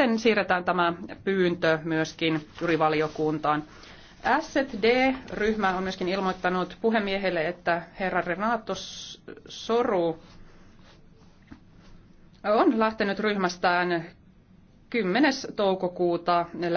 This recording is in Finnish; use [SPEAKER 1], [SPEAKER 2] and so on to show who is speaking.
[SPEAKER 1] sitten
[SPEAKER 2] siirretään tämä pyyntö myöskin jurivaliokuntaan. D ryhmä on myöskin ilmoittanut puhemiehelle, että herra Renato Soru on lähtenyt ryhmästään
[SPEAKER 3] 10. toukokuuta